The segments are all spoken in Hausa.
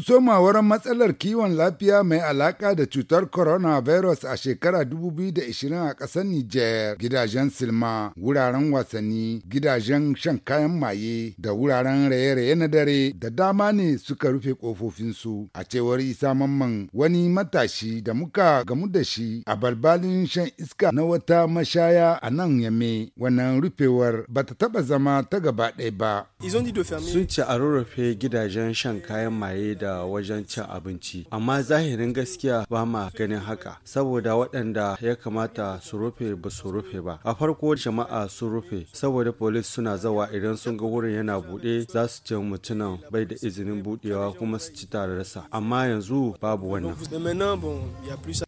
Tun somawar matsalar kiwon lafiya mai alaka da cutar coronavirus a shekara 2020 a ƙasar Nijar, gidajen silma, wuraren wasanni, gidajen shan kayan maye da wuraren raye-raye na dare da dama ne suka rufe ƙofofinsu. A cewar Isa Mamman wani matashi da muka gamu da shi a balbalin shan iska na wata mashaya a nan yame wannan rufewar ba ta taɓa zama ta gaba ɗaya ba. Sun ci a rurrufe gidajen shan kayan maye da da wajen cin abinci amma zahirin gaskiya ba ma ganin haka saboda waɗanda ya kamata su rufe ba su rufe ba a farko jama'a su rufe saboda polis suna zawa idan sun ga wurin yana buɗe za su ce mutumin bai da izinin buɗewa kuma su ci tararsa amma yanzu babu wannan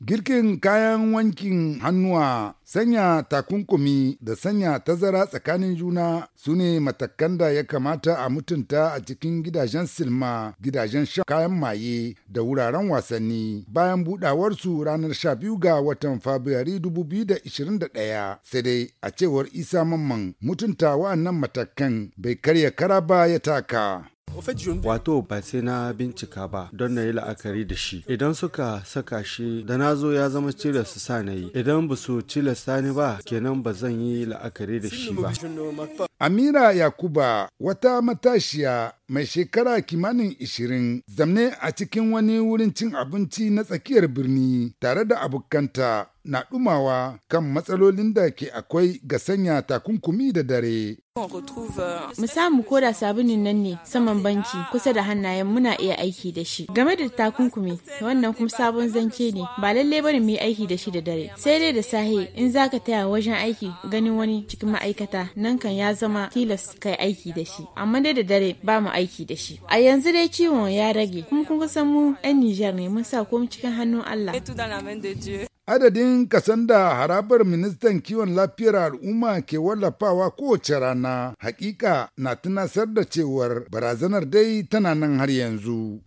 girkin kayan wankin hannuwa Sanya takunkumi da sanya tazara tsakanin juna su ne matakan da ya kamata a mutunta a cikin gidajen silma, gidajen shan kayan maye da wuraren wasanni bayan budawarsu ranar 12 ga watan Fabrairu 2021 sai dai a cewar Isa Mamman mutunta wa'annan matakan bai karya kara ba ya taka. Wato ba sai na bincika ba don na yi la'akari da shi. Idan suka saka shi da na zo ya zama cire su sa na yi. Idan ba su cire sani ba kenan ba zan yi la'akari da shi ba. Amira Yakuba wata matashiya mai shekara kimanin ishirin zamne a cikin wani wurin cin abinci na tsakiyar birni tare da abokanta na dumawa kan matsalolin da ke akwai ga sanya takunkumi da dare. Euh, mu samu koda sabunin nan ne saman banki kusa da hannayen muna iya aiki da shi. Game da takunkumi wannan kuma sabon zance ne ba lalle bane mu yi aiki da shi da dare. Sai dai da sahi in zaka taya wajen aiki ganin wani cikin ma'aikata nan kan ya zama zama tilas kai aiki da shi amma dai da dare ba mu aiki da shi a yanzu dai ciwon ya rage kuma kun san mu 'yan Nijar ne mun sa komai cikin hannun Allah adadin kasan da harabar ministan kiwon lafiyar al'umma ke wallafawa kowace rana hakika na tunasar da cewar barazanar dai tana nan har yanzu.